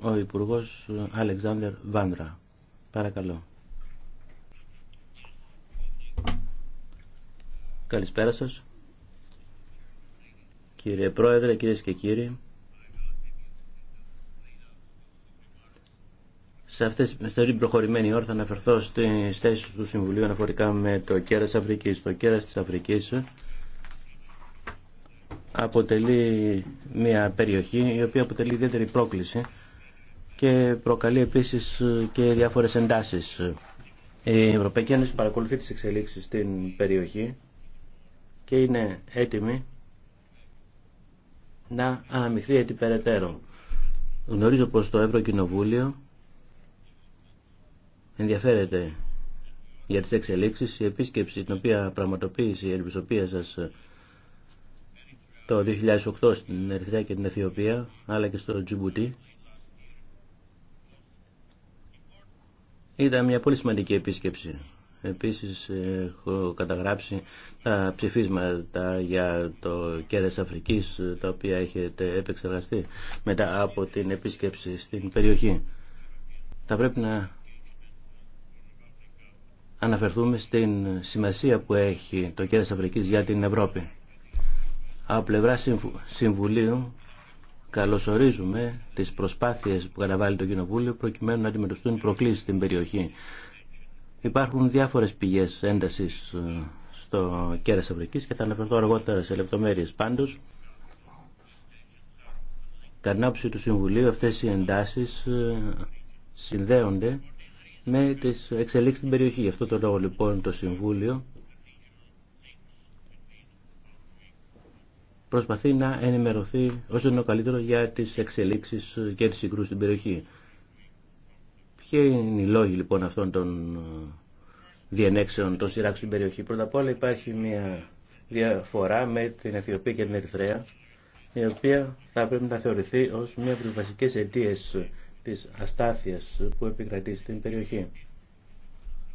ο Υπουργός ε, Αλεξάνδρ Βάντρα. Παρακαλώ. Καλησπέρα σα. Κύριε Πρόεδρε, κύριε και κύριοι. Σε αυτή την προχωρημένη ώρα θα αναφερθώ στι θέση του Συμβουλίου αναφορικά με το κέρας Αφρικής. Το κέρας της Αφρικής ε, αποτελεί μια περιοχή η οποία αποτελεί ιδιαίτερη πρόκληση και προκαλεί επίσης και διάφορες εντάσεις. Η Ευρωπαϊκή Ένωση παρακολουθεί τις εξελίξεις στην περιοχή και είναι έτοιμη να αναμειχθεί έτσι Γνωρίζω πως το Ευρωκοινοβούλιο ενδιαφέρεται για τις εξελίξεις. Η επίσκεψη την οποία πραγματοποίησε η ελπισοπία σας το 2008 στην Ερυθρέα και την Αιθιοπία, αλλά και στο Τζιμπουτί. Ήταν μια πολύ σημαντική επίσκεψη. Επίσης έχω καταγράψει τα ψηφίσματα για το κέρας Αφρικής, τα οποία έχετε επεξεργαστεί μετά από την επίσκεψη στην περιοχή. Θα πρέπει να αναφερθούμε στην σημασία που έχει το κέρας Αφρικής για την Ευρώπη. Από πλευρά Συμβουλίου καλωσορίζουμε τις προσπάθειες που καταβάλει το Κοινοβούλιο προκειμένου να αντιμετωπιστούν προκλήσεις στην περιοχή. Υπάρχουν διάφορες πηγές έντασης ε, στο κέρας Αφρικής και θα αναφερθώ αργότερα σε λεπτομέρειες. Πάντως, κατά άποψη του Συμβουλίου αυτές οι εντάσεις ε, συνδέονται με τις εξελίξεις στην περιοχή. Γι' αυτό το λόγο λοιπόν το Συμβούλιο προσπαθεί να ενημερωθεί όσο είναι καλύτερο για τις εξελίξεις και τις συγκρούσεις στην περιοχή. Ποιοι είναι οι λόγοι λοιπόν αυτών των ε, διενέξεων των σειράξεων στην περιοχή. Πρώτα απ' όλα υπάρχει μια διαφορά με την Αιθιοπία και την Ερυθρέα η οποία θα πρέπει να θεωρηθεί ως μια από τις βασικές αιτίες της αστάθειας που επικρατεί στην περιοχή.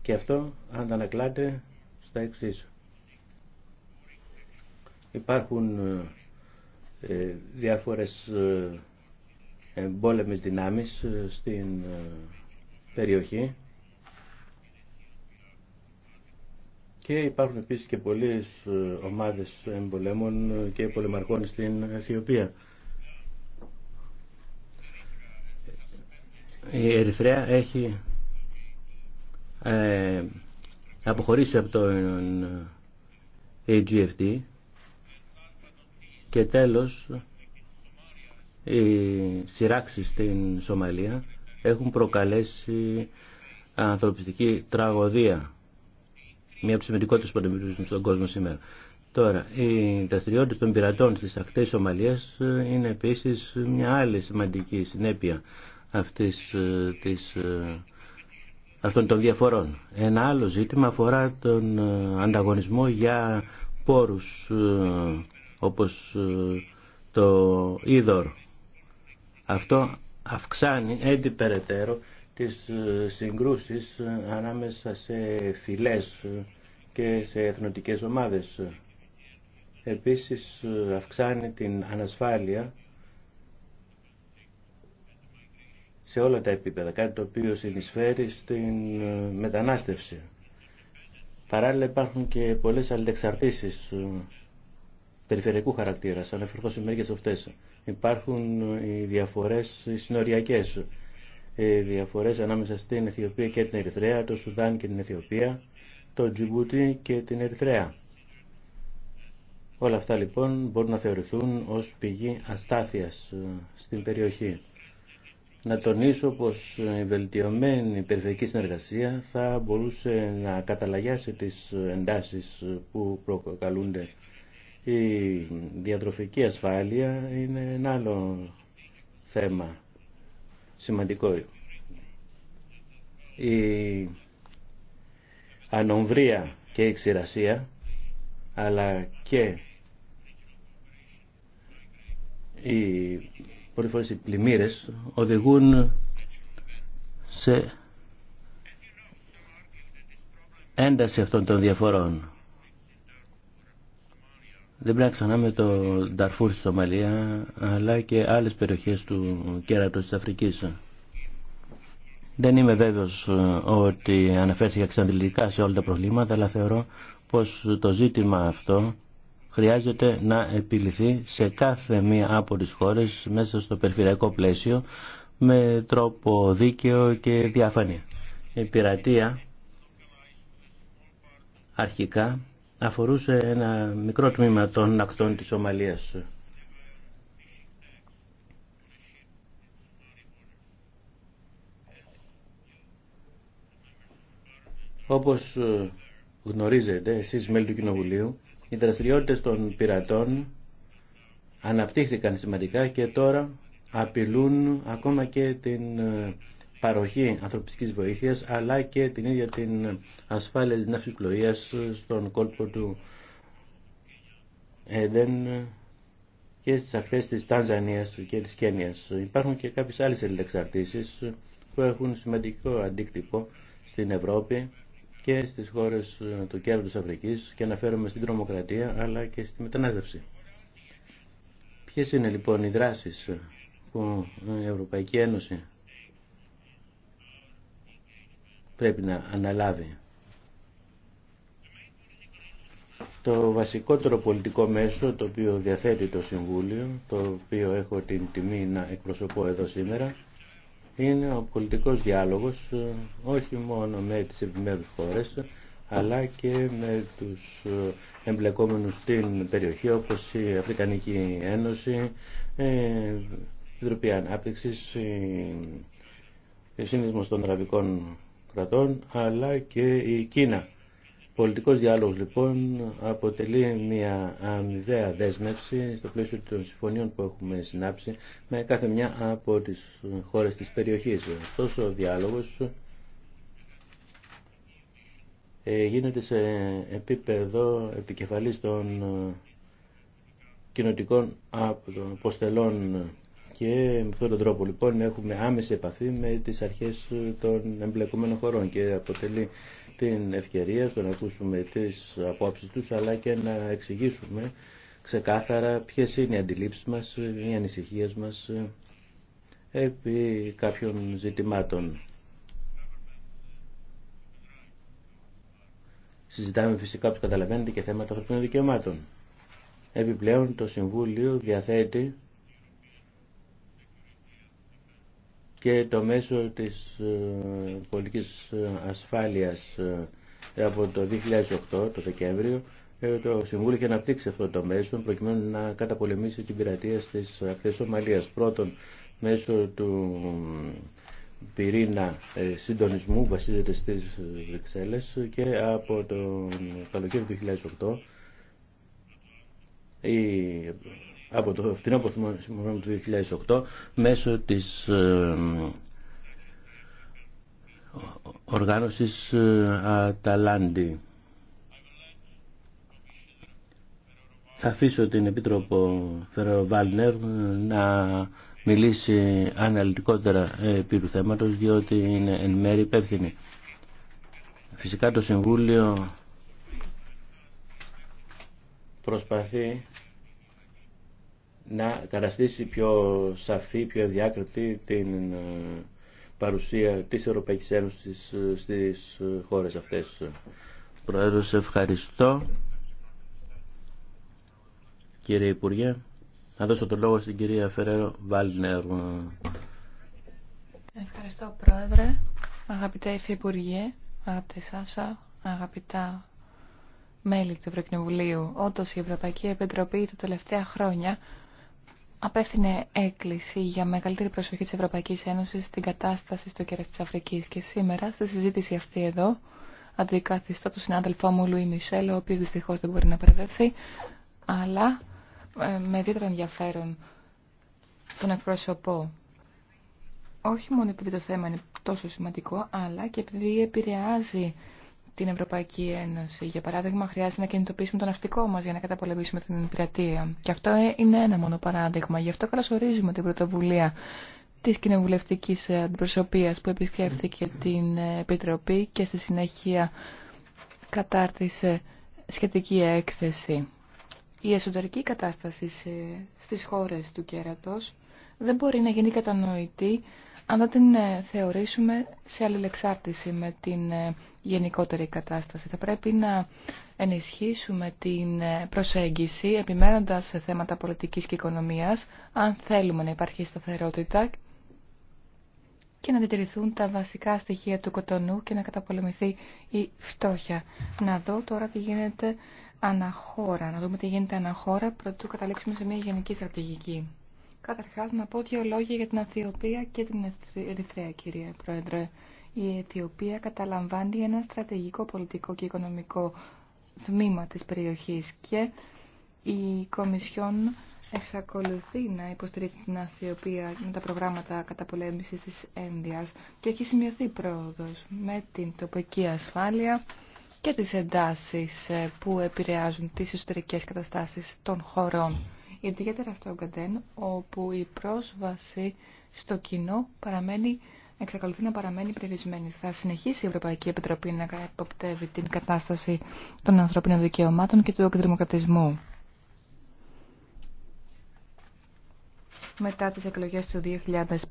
Και αυτό αντανακλάται στα εξής. Υπάρχουν ε, ε, διάφορες ε, εμπόλεμες δυνάμεις στην περιοχή και υπάρχουν επίσης και πολλές ομάδες εμπολέμων και πολεμαρχών στην Αιθιοπία. Η Ερυθρέα έχει αποχωρήσει από τον AGFD και τέλος, οι σειράξεις στην Σομαλία έχουν προκαλέσει ανθρωπιστική τραγωδία. Μία από τις σημαντικότερες που αντιμετωπίζουμε στον κόσμο σήμερα. Τώρα, οι δραστηριότητε των πειρατών στις ακτές Σομαλίας είναι επίσης μια άλλη σημαντική συνέπεια αυτής τωρα η δραστηριότητα των διαφορών. Ένα άλλο ζήτημα αφορά τον ε, ανταγωνισμό για πόρους ε, όπως ε, το είδωρ. Αυτό αυξάνει έντι περαιτέρω τις ε, συγκρούσεις ε, ανάμεσα σε φυλές και σε εθνοτικές ομάδες. Επίσης αυξάνει την ανασφάλεια σε όλα τα επίπεδα, κάτι το οποίο συνεισφέρει στην μετανάστευση. Παράλληλα υπάρχουν και πολλές αλληλεξαρτήσεις περιφερειακού χαρακτήρα. αναφερθώ σε μερικέ αυτέ. Υπάρχουν ε, οι διαφορέ συνοριακέ. Οι ε, διαφορέ ανάμεσα στην Αιθιοπία και την Ερυθρέα, το Σουδάν και την Αιθιοπία, το Τζιμπούτι και την Ερυθρέα. Όλα αυτά λοιπόν μπορούν να θεωρηθούν ως πηγή αστάθειας ε, στην περιοχή. Να τονίσω πως η βελτιωμένη περιφερειακή συνεργασία θα μπορούσε να καταλαγιάσει τις εντάσεις που προκαλούνται η διατροφική ασφάλεια είναι ένα άλλο θέμα σημαντικό. Η ανομβρία και η ξηρασία αλλά και οι πολλές πλημμύρες οδηγούν σε ένταση αυτών των διαφορών. Δεν πρέπει να ξεχνάμε το Νταρφούρ στη Σομαλία, αλλά και άλλες περιοχές του κέρατος της Αφρικής. Δεν είμαι βέβαιος ε, ότι αναφέρθηκα εξαντλητικά σε όλα τα προβλήματα, αλλά θεωρώ πως το ζήτημα αυτό χρειάζεται να επιληθεί σε κάθε μία από τις χώρες μέσα στο περιφερειακό πλαίσιο με τρόπο δίκαιο και διαφάνεια. Η πειρατεία αρχικά αφορούσε ένα μικρό τμήμα των ακτών της Ομαλίας. Όπως ε, γνωρίζετε εσείς μέλη του Κοινοβουλίου, οι δραστηριότητες των πειρατών αναπτύχθηκαν σημαντικά και τώρα απειλούν ακόμα και την ε, παροχή ανθρωπιστικής βοήθειας αλλά και την ίδια την ασφάλεια της ναυσιπλοεία στον κόλπο του ΕΔΕΝ και στι ακτέ τη Τανζανία και τη Κένια. Υπάρχουν και κάποιε άλλες ελληνεξαρτήσει που έχουν σημαντικό αντίκτυπο στην Ευρώπη και στις χώρες του κέρδου Αφρικής και αναφέρομαι στην τρομοκρατία αλλά και στη μετανάστευση. Ποιες είναι λοιπόν οι δράσεις που η Ευρωπαϊκή Ένωση πρέπει να αναλάβει. Το βασικότερο πολιτικό μέσο το οποίο διαθέτει το Συμβούλιο, το οποίο έχω την τιμή να εκπροσωπώ εδώ σήμερα, είναι ο πολιτικός διάλογος όχι μόνο με τις επιμέρους χώρες, αλλά και με τους εμπλεκόμενους στην περιοχή όπως η Αφρικανική Ένωση, η Ευρωπαϊκή Ανάπτυξη, η Σύνδεσμος των Αραβικών κρατών αλλά και η Κίνα. Πολιτικός διάλογος λοιπόν αποτελεί μια αμοιβαία δέσμευση στο πλαίσιο των συμφωνίων που έχουμε συνάψει με κάθε μια από τις χώρες της περιοχής. Ωστόσο ο διάλογος ε, γίνεται σε επίπεδο επικεφαλής των ε, κοινοτικών αποστελών και με αυτόν τον τρόπο λοιπόν έχουμε άμεση επαφή με τις αρχές των εμπλεκομένων χωρών και αποτελεί την ευκαιρία στο να ακούσουμε τις απόψεις τους αλλά και να εξηγήσουμε ξεκάθαρα ποιες είναι οι αντιλήψεις μας, οι ανησυχίες μας ε, επί κάποιων ζητημάτων. Συζητάμε φυσικά, όπως καταλαβαίνετε, και θέματα των δικαιωμάτων. Επιπλέον, το Συμβούλιο διαθέτει και το μέσο της ε, πολιτικής ε, ασφάλειας ε, από το 2008, το Δεκέμβριο, το Συμβούλιο είχε αναπτύξει αυτό το μέσο προκειμένου να καταπολεμήσει την πειρατεία στις ακτές Σομαλίας. Πρώτον, μέσω του πυρήνα συντονισμού βασίζεται στις Βρυξέλλες και από το καλοκαίρι του 2008 η από το φθηνό του 2008 μέσω της ε, οργάνωσης ε, Αταλάντη. Θα αφήσω την Επίτροπο Φεροβάλνερ να μιλήσει αναλυτικότερα επί του θέματος διότι είναι εν μέρη υπεύθυνη. Φυσικά το Συμβούλιο προσπαθεί να καταστήσει πιο σαφή, πιο διάκριτη την ε, παρουσία της Ευρωπαϊκής Ένωσης ε, στις ε, χώρες αυτές. Πρόεδρος, ευχαριστώ. Κύριε Υπουργέ, να δώσω το λόγο στην κυρία Φερέρο Βάλνερ. Ευχαριστώ, Πρόεδρε. Αγαπητέ Υφυπουργέ, αγαπητέ Σάσα, αγαπητά μέλη του Ευρωκοινοβουλίου. όταν η Ευρωπαϊκή Επιτροπή τα τελευταία χρόνια απέθυνε έκκληση για μεγαλύτερη προσοχή της Ευρωπαϊκής Ένωσης στην κατάσταση στο κέρας της Αφρικής και σήμερα στη συζήτηση αυτή εδώ αντικαθιστώ τον συνάδελφό μου Λουί Μισελ ο οποίος δυστυχώς δεν μπορεί να παρευρεθεί αλλά ε, με ιδιαίτερο ενδιαφέρον τον εκπροσωπώ. όχι μόνο επειδή το θέμα είναι τόσο σημαντικό αλλά και επειδή επηρεάζει την Ευρωπαϊκή Ένωση. Για παράδειγμα, χρειάζεται να κινητοποιήσουμε το ναυτικό μα για να καταπολεμήσουμε την πειρατεία. Και αυτό είναι ένα μόνο παράδειγμα. Γι' αυτό καλωσορίζουμε την πρωτοβουλία τη κοινοβουλευτική αντιπροσωπεία που επισκέφθηκε την Επιτροπή και στη συνέχεια κατάρτισε σχετική έκθεση. Η εσωτερική κατάσταση στις χώρες του κέρατος δεν μπορεί να γίνει κατανοητή αν δεν την ε, θεωρήσουμε σε αλληλεξάρτηση με την ε, γενικότερη κατάσταση. Θα πρέπει να ενισχύσουμε την ε, προσέγγιση επιμένοντας σε θέματα πολιτικής και οικονομίας, αν θέλουμε να υπάρχει σταθερότητα και να διατηρηθούν τα βασικά στοιχεία του κοτονού και να καταπολεμηθεί η φτώχεια. Να δω τώρα τι γίνεται αναχώρα, να δούμε τι γίνεται αναχώρα, πρωτού καταλήξουμε σε μια γενική στρατηγική. Καταρχάς να πω δύο λόγια για την Αθιοπία και την Ερυθρέα, κύριε Πρόεδρε. Η Αιθιοπία καταλαμβάνει ένα στρατηγικό πολιτικό και οικονομικό τμήμα της περιοχής και η Κομισιόν εξακολουθεί να υποστηρίζει την Αθιοπία με τα προγράμματα καταπολέμησης της Ένδιας και έχει σημειωθεί πρόοδος με την τοπική ασφάλεια και τις εντάσεις ε, που επηρεάζουν τις ιστορικές καταστάσεις των χωρών ιδιαίτερα στο κατέν, όπου η πρόσβαση στο κοινό παραμένει, εξακολουθεί να παραμένει περιορισμένη. Θα συνεχίσει η Ευρωπαϊκή Επιτροπή να εποπτεύει την κατάσταση των ανθρώπινων δικαιωμάτων και του εκδημοκρατισμού. Μετά τις εκλογές του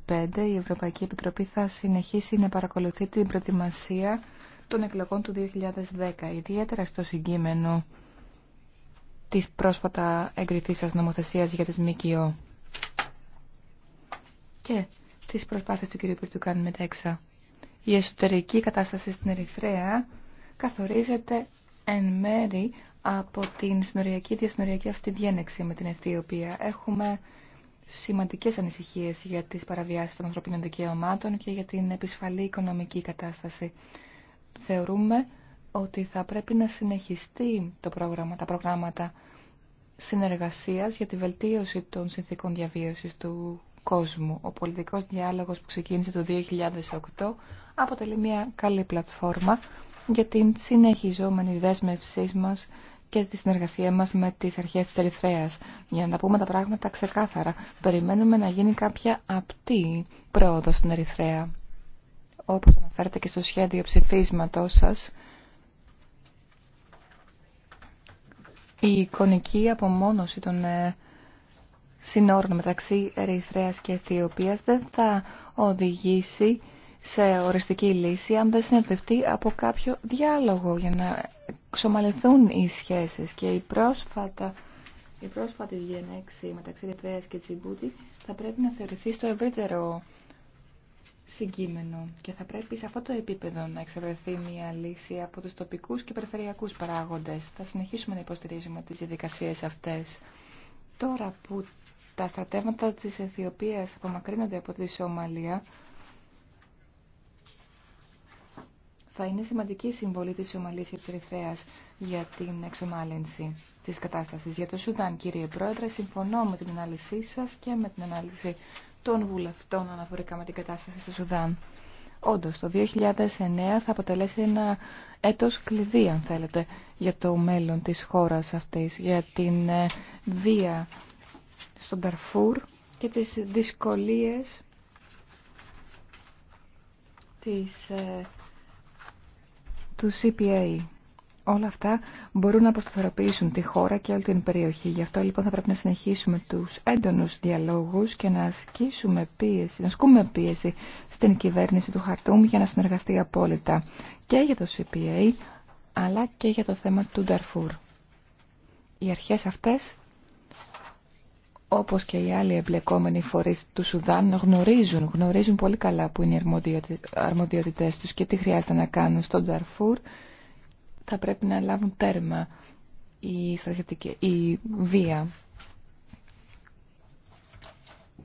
2005, η Ευρωπαϊκή Επιτροπή θα συνεχίσει να παρακολουθεί την προετοιμασία των εκλογών του 2010, ιδιαίτερα στο συγκείμενο της πρόσφατα εγκριθής σας νομοθεσίας για τις ΜΚΟ και τις προσπάθειες του κ. Πυρτουκάν έξα. Η εσωτερική κατάσταση στην Ερυθρέα καθορίζεται εν μέρη από την συνοριακή διασυνοριακή αυτή διένεξη με την Αιθιοπία. Έχουμε σημαντικές ανησυχίες για τις παραβιάσεις των ανθρωπίνων δικαιωμάτων και για την επισφαλή οικονομική κατάσταση. Θεωρούμε ότι θα πρέπει να συνεχιστεί το πρόγραμμα, τα προγράμματα συνεργασίας για τη βελτίωση των συνθήκων διαβίωσης του κόσμου. Ο πολιτικός διάλογος που ξεκίνησε το 2008 αποτελεί μια καλή πλατφόρμα για την συνεχιζόμενη δέσμευσή μας και τη συνεργασία μας με τις αρχές της Ερυθρέας. Για να πούμε τα πράγματα ξεκάθαρα, περιμένουμε να γίνει κάποια απτή πρόοδο στην Ερυθρέα. Όπως αναφέρετε και στο σχέδιο ψηφίσματός σας, η εικονική απομόνωση των ε, συνόρων μεταξύ Ερυθρέας και Αιθιοπίας δεν θα οδηγήσει σε οριστική λύση αν δεν συνεδευτεί από κάποιο διάλογο για να ξομαλυθούν οι σχέσεις και η πρόσφατα η πρόσφατη διενέξη μεταξύ Ερυθρέας και Τσιμπούτη θα πρέπει να θεωρηθεί στο ευρύτερο συγκείμενο και θα πρέπει σε αυτό το επίπεδο να εξευρεθεί μια λύση από τους τοπικούς και περιφερειακούς παράγοντες. Θα συνεχίσουμε να υποστηρίζουμε τις διαδικασίες αυτές. Τώρα που τα στρατεύματα της Αιθιοπίας απομακρύνονται από τη Σομαλία, θα είναι σημαντική η συμβολή της Σομαλίας και της Ερυθρέας για την εξομάλυνση της κατάστασης. Για το Σουδάν, κύριε Πρόεδρε, συμφωνώ με την ανάλυση σας και με την ανάλυση των βουλευτών αναφορικά με την κατάσταση στο Σουδάν. Όντως, το 2009 θα αποτελέσει ένα έτος κλειδί, αν θέλετε, για το μέλλον της χώρας αυτής, για την ε, βία στον Ταρφούρ και τις δυσκολίες της, ε, του CPA, Όλα αυτά μπορούν να αποσταθεροποιήσουν τη χώρα και όλη την περιοχή. Γι' αυτό λοιπόν θα πρέπει να συνεχίσουμε τους έντονους διαλόγους και να ασκήσουμε πίεση, να ασκούμε πίεση στην κυβέρνηση του Χαρτούμ για να συνεργαστεί απόλυτα και για το CPA αλλά και για το θέμα του Νταρφούρ. Οι αρχές αυτές, όπως και οι άλλοι εμπλεκόμενοι φορείς του Σουδάν, γνωρίζουν, γνωρίζουν πολύ καλά που είναι οι αρμοδιότητές τους και τι χρειάζεται να κάνουν στον Νταρφούρ θα πρέπει να λάβουν τέρμα η, στρατιωτική, η βία.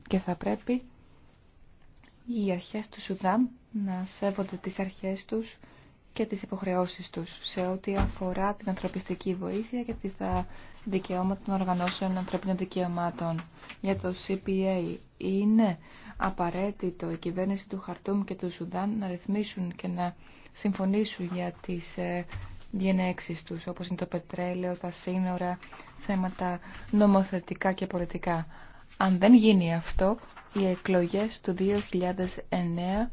Και θα πρέπει οι αρχές του Σουδάν να σέβονται τις αρχές τους και τις υποχρεώσεις τους σε ό,τι αφορά την ανθρωπιστική βοήθεια και τα δικαιώματα των οργανώσεων ανθρωπίνων δικαιωμάτων. Για το CPA είναι απαραίτητο η κυβέρνηση του Χαρτούμ και του Σουδάν να ρυθμίσουν και να συμφωνήσουν για τις ε, διενέξεις τους, όπως είναι το πετρέλαιο, τα σύνορα, θέματα νομοθετικά και πολιτικά. Αν δεν γίνει αυτό, οι εκλογές του 2009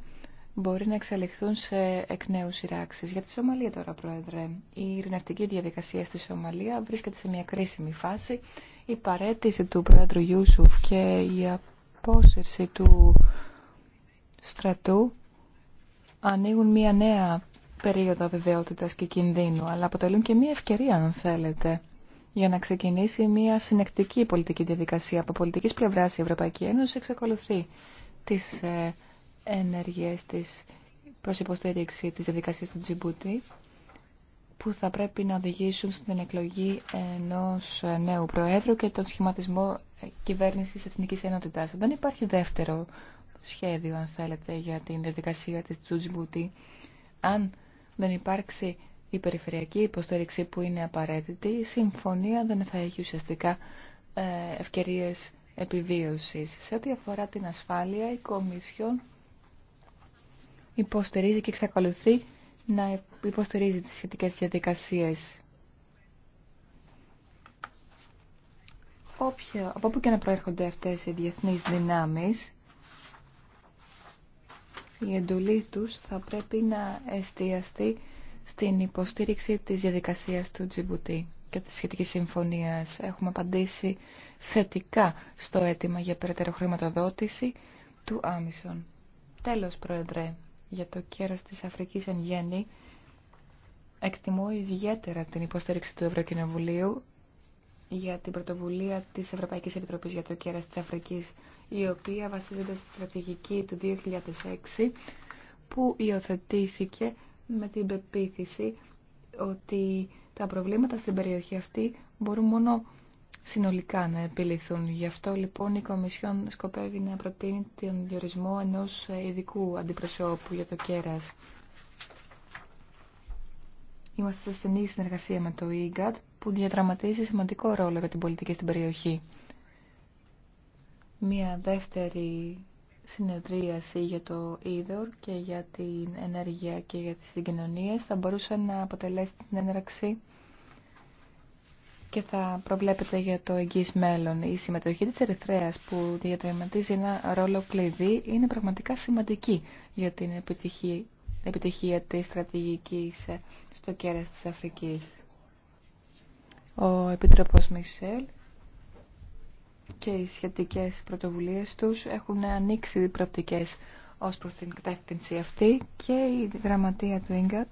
μπορεί να εξελιχθούν σε εκ νέου σειράξεις. Για τη Σομαλία τώρα, Πρόεδρε. Η ειρηνευτική διαδικασία στη Σομαλία βρίσκεται σε μια κρίσιμη φάση. Η παρέτηση του Πρόεδρου Ιούσουφ και η απόσυρση του στρατού ανοίγουν μια νέα περίοδο αβεβαιότητας και κινδύνου, αλλά αποτελούν και μια ευκαιρία, αν θέλετε, για να ξεκινήσει μια συνεκτική πολιτική διαδικασία. Από πολιτικής πλευράς η Ευρωπαϊκή Ένωση εξακολουθεί τις ε, ενεργειές της προς υποστήριξη της διαδικασίας του Τζιμπούτι, που θα πρέπει να οδηγήσουν στην εκλογή ενός ε, νέου Προέδρου και τον σχηματισμό ε, κυβέρνησης Εθνικής Ενότητας. Δεν υπάρχει δεύτερο σχέδιο, αν θέλετε, για την διαδικασία της Τζιμπούτι. Αν δεν υπάρξει η περιφερειακή υποστήριξη που είναι απαραίτητη, η συμφωνία δεν θα έχει ουσιαστικά ε, ευκαιρίες επιβίωσης. Σε ό,τι αφορά την ασφάλεια, η Κομισιόν υποστηρίζει και εξακολουθεί να υποστηρίζει τις σχετικές διαδικασίες. από όπου και να προέρχονται αυτές οι διεθνείς δυνάμεις, η εντολή τους θα πρέπει να εστιαστεί στην υποστήριξη της διαδικασίας του Τζιμπουτή και της σχετικής συμφωνίας. Έχουμε απαντήσει θετικά στο αίτημα για περαιτέρω χρηματοδότηση του Άμισον. Τέλος, Πρόεδρε, για το κέρος της Αφρικής εν γέννη, εκτιμώ ιδιαίτερα την υποστήριξη του Ευρωκοινοβουλίου για την πρωτοβουλία της Ευρωπαϊκής Επιτροπής για το κέρας της Αφρικής η οποία βασίζεται στη στρατηγική του 2006 που υιοθετήθηκε με την πεποίθηση ότι τα προβλήματα στην περιοχή αυτή μπορούν μόνο συνολικά να επιληθούν. Γι' αυτό λοιπόν η Κομισιόν σκοπεύει να προτείνει τον διορισμό ενός ειδικού αντιπροσώπου για το κέρας. Είμαστε σε στενή συνεργασία με το ΙΓΑΤ που διαδραματίζει σημαντικό ρόλο για την πολιτική στην περιοχή. Μία δεύτερη συνεδρίαση για το Ίδωρ και για την ενέργεια και για τις συγκοινωνίες θα μπορούσε να αποτελέσει την έναρξη και θα προβλέπεται για το εγγύς μέλλον. Η συμμετοχή της Ερυθρέας που διαδραματίζει ένα ρόλο κλειδί είναι πραγματικά σημαντική για την επιτυχία, επιτυχία της στρατηγικής στο κέρας της Αφρικής. Ο Επίτροπος Μισελ και οι σχετικές πρωτοβουλίες τους έχουν ανοίξει προοπτικέ ω προ την κατεύθυνση αυτή και η γραμματεία του Ίγκατ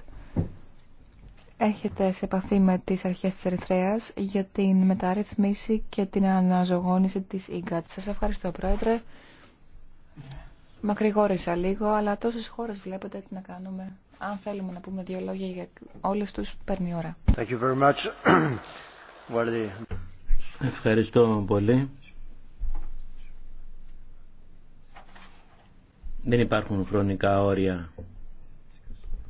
έχετε σε επαφή με τις αρχές της Ερυθρέας για την μεταρρυθμίση και την αναζωγόνηση της Ίγκατ. Σας ευχαριστώ Πρόεδρε. Μακρηγόρησα λίγο, αλλά τόσες χώρε βλέπετε τι να κάνουμε. Αν θέλουμε να πούμε δύο λόγια για όλες του παίρνει ώρα. Thank you very much. Ευχαριστώ πολύ. Δεν υπάρχουν χρονικά όρια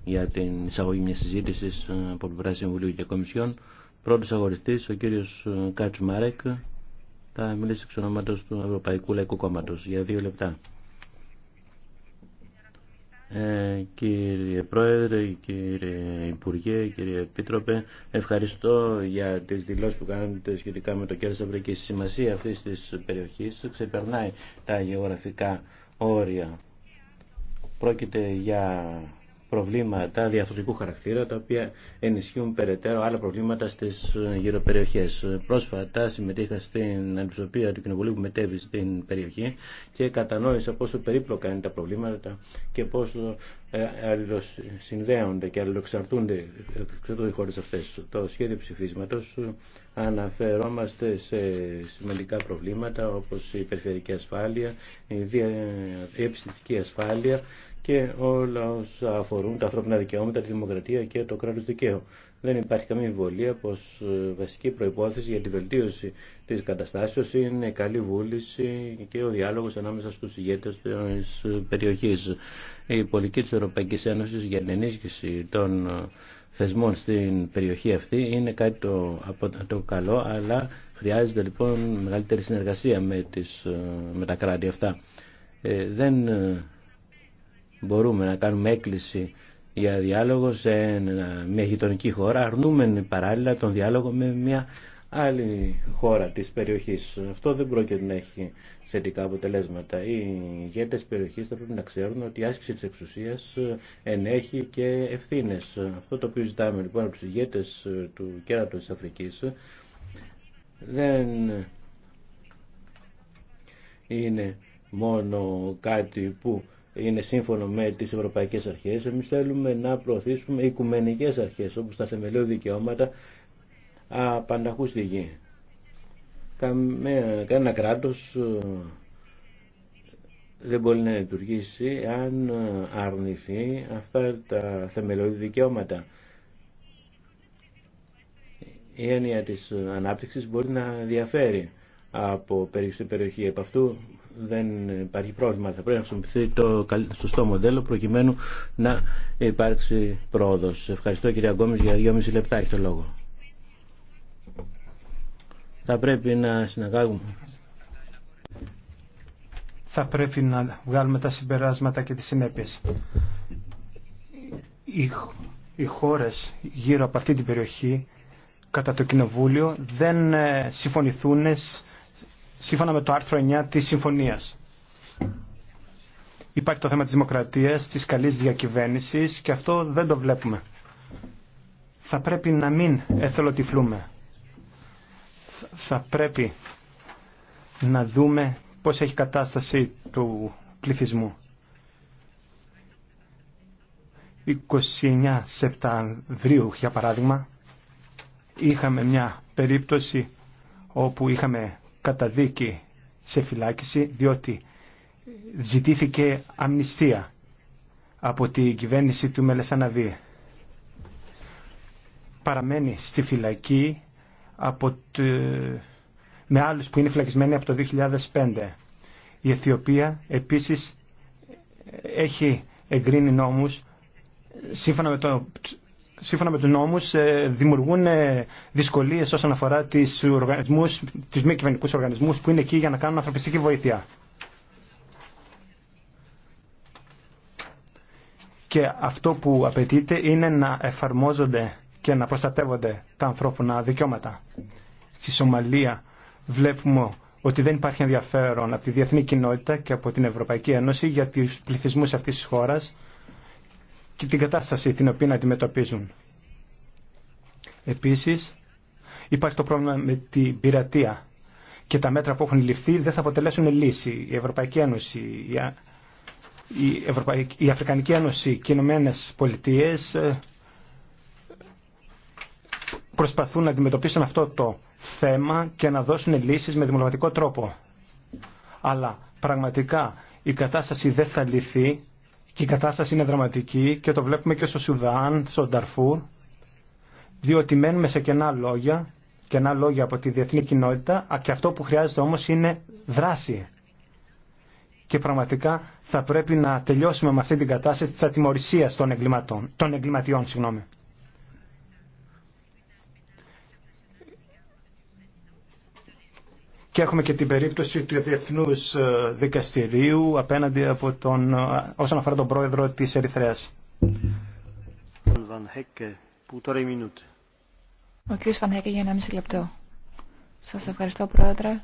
για την εισαγωγή μια συζήτηση ε, από πλευρά Συμβουλίου και Κομισιόν. Πρώτο αγοριστή, ο κύριο ε, Κάτσου Μάρεκ, θα μιλήσει εξ ονόματο του Ευρωπαϊκού Λαϊκού Κόμματο για δύο λεπτά. Ε, κύριε Πρόεδρε, κύριε Υπουργέ, κύριε Επίτροπε, ευχαριστώ για τις δηλώσεις που κάνετε σχετικά με το κέρδος ευρωπαϊκής. Η σημασία αυτής της περιοχής ξεπερνάει τα γεωγραφικά όρια Πρόκειται για προβλήματα διαθροτικού χαρακτήρα τα οποία ενισχύουν περαιτέρω άλλα προβλήματα στις γύρω περιοχές. Πρόσφατα συμμετείχα στην αντιστοπία του Κοινοβουλίου που μετέβη στην περιοχή και κατανόησα πόσο περίπλοκα είναι τα προβλήματα και πόσο ε, αλληλοσυνδέονται και αλληλοξαρτούνται οι χώρε αυτέ Το σχέδιο ψηφίσματος αναφερόμαστε σε σημαντικά προβλήματα όπως η περιφερειακή ασφάλεια, η επιστημική ασφάλεια, και όλα όσα αφορούν τα ανθρώπινα δικαιώματα, τη δημοκρατία και το κράτος δικαίου. Δεν υπάρχει καμία εμβολία πως ε, βασική προϋπόθεση για τη βελτίωση της καταστάσεως είναι καλή βούληση και ο διάλογος ανάμεσα στους ηγέτες της περιοχής. Η πολιτική της Ευρωπαϊκής Ένωσης για την ενίσχυση των ε, θεσμών στην περιοχή αυτή είναι κάτι το, το καλό, αλλά χρειάζεται λοιπόν μεγαλύτερη συνεργασία με, τις, ε, με τα κράτη αυτά. δεν μπορούμε να κάνουμε έκκληση για διάλογο σε μια γειτονική χώρα αρνούμε παράλληλα τον διάλογο με μια άλλη χώρα της περιοχής. Αυτό δεν πρόκειται να έχει θετικά αποτελέσματα. Οι ηγέτες περιοχής θα πρέπει να ξέρουν ότι η άσκηση της εξουσίας ενέχει και ευθύνες. Αυτό το οποίο ζητάμε λοιπόν από τους ηγέτες του κέρατος της Αφρικής δεν είναι μόνο κάτι που είναι σύμφωνο με τις ευρωπαϊκές αρχές. Εμείς θέλουμε να προωθήσουμε οικουμενικές αρχές όπως τα θεμελιώδη δικαιώματα απανταχού στη γη. Κανένα κράτος ε, δεν μπορεί να λειτουργήσει αν ε, αρνηθεί αυτά τα θεμελιώδη δικαιώματα. Η έννοια της ανάπτυξης μπορεί να διαφέρει από περιοχή σε περιοχή. Επ' δεν υπάρχει πρόβλημα. Θα πρέπει να χρησιμοποιηθεί το σωστό μοντέλο προκειμένου να υπάρξει πρόοδο. Ευχαριστώ κυρία Αγκόμη για δύο λεπτά έχει το λόγο. Θα πρέπει να συναγάγουμε. Θα πρέπει να βγάλουμε τα συμπεράσματα και τις συνέπειες. Οι, οι χώρες γύρω από αυτή την περιοχή κατά το Κοινοβούλιο δεν ε, συμφωνηθούν σύμφωνα με το άρθρο 9 της Συμφωνίας. Υπάρχει το θέμα της δημοκρατίας, της καλής διακυβέρνησης και αυτό δεν το βλέπουμε. Θα πρέπει να μην εθελοτυφλούμε. Θα πρέπει να δούμε πώς έχει κατάσταση του πληθυσμού. 29 Σεπτεμβρίου, για παράδειγμα, είχαμε μια περίπτωση όπου είχαμε καταδίκη σε φυλάκιση διότι ζητήθηκε αμνηστία από την κυβέρνηση του Μελεσαναβή. Παραμένει στη φυλακή από το... με άλλους που είναι φυλακισμένοι από το 2005. Η Αιθιοπία επίσης έχει εγκρίνει νόμους σύμφωνα με το, σύμφωνα με τους νόμους ε, δημιουργούν ε, δυσκολίες όσον αφορά τις, μη κυβερνικούς οργανισμούς που είναι εκεί για να κάνουν ανθρωπιστική βοήθεια. Και αυτό που απαιτείται είναι να εφαρμόζονται και να προστατεύονται τα ανθρώπινα δικαιώματα. Στη Σομαλία βλέπουμε ότι δεν υπάρχει ενδιαφέρον από τη διεθνή κοινότητα και από την Ευρωπαϊκή Ένωση για τους πληθυσμούς αυτής της χώρας και την κατάσταση την οποία αντιμετωπίζουν. Επίσης, υπάρχει το πρόβλημα με την πειρατεία και τα μέτρα που έχουν ληφθεί δεν θα αποτελέσουν λύση. Η Ευρωπαϊκή Ένωση, η, η, Ευρωπαϊκή, η Αφρικανική Ένωση και οι Ηνωμένε Πολιτείε ε, προσπαθούν να αντιμετωπίσουν αυτό το θέμα και να δώσουν λύσεις με δημοκρατικό τρόπο. Αλλά πραγματικά η κατάσταση δεν θα λυθεί και η κατάσταση είναι δραματική και το βλέπουμε και στο Σουδάν, στο Νταρφούρ, διότι μένουμε σε κενά λόγια, κενά λόγια από τη διεθνή κοινότητα και αυτό που χρειάζεται όμως είναι δράση. Και πραγματικά θα πρέπει να τελειώσουμε με αυτή την κατάσταση της ατιμορρησίας των, των εγκληματιών. Συγγνώμη. Και έχουμε και την περίπτωση του διεθνού ε, Δικαστηρίου απέναντι από τον, ε, όσον αφορά τον πρόεδρο τη Ερυθρέα. Ο κ. Φανέκε, για ένα μισή λεπτό. Σα ευχαριστώ πρόεδρε.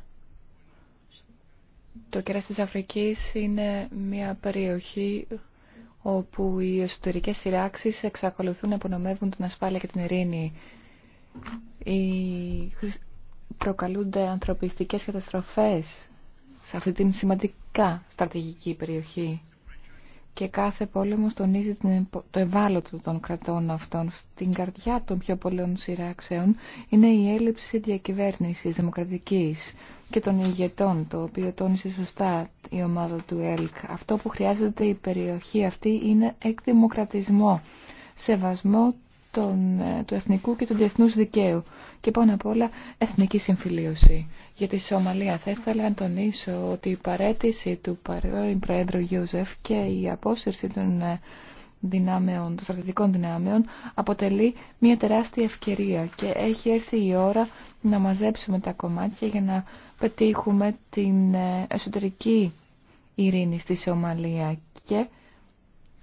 Το κέρα τη Αφρική είναι μια περιοχή όπου οι εσωτερικέ σειράξει εξακολουθούν να απονομεύουν την ασφάλεια και την ειρήνη προκαλούνται ανθρωπιστικές καταστροφές σε αυτή την σημαντικά στρατηγική περιοχή και κάθε πόλεμος τονίζει το ευάλωτο των κρατών αυτών. Στην καρδιά των πιο πολλών σειράξεων είναι η έλλειψη διακυβέρνησης δημοκρατικής και των ηγετών, το οποίο τόνισε σωστά η ομάδα του ΕΛΚ. Αυτό που χρειάζεται η περιοχή αυτή είναι εκδημοκρατισμό, σεβασμό ε, του εθνικού και του διεθνούς δικαίου και πάνω απ' όλα εθνική συμφιλίωση. Για τη Σομαλία θα ήθελα να τονίσω ότι η παρέτηση του παρόν Πρόεδρου Γιούζεφ και η απόσυρση των ε, δυνάμεων, των στρατιωτικών δυνάμεων αποτελεί μια τεράστια ευκαιρία και έχει έρθει η ώρα να μαζέψουμε τα κομμάτια για να πετύχουμε την ε, εσωτερική ειρήνη στη Σομαλία και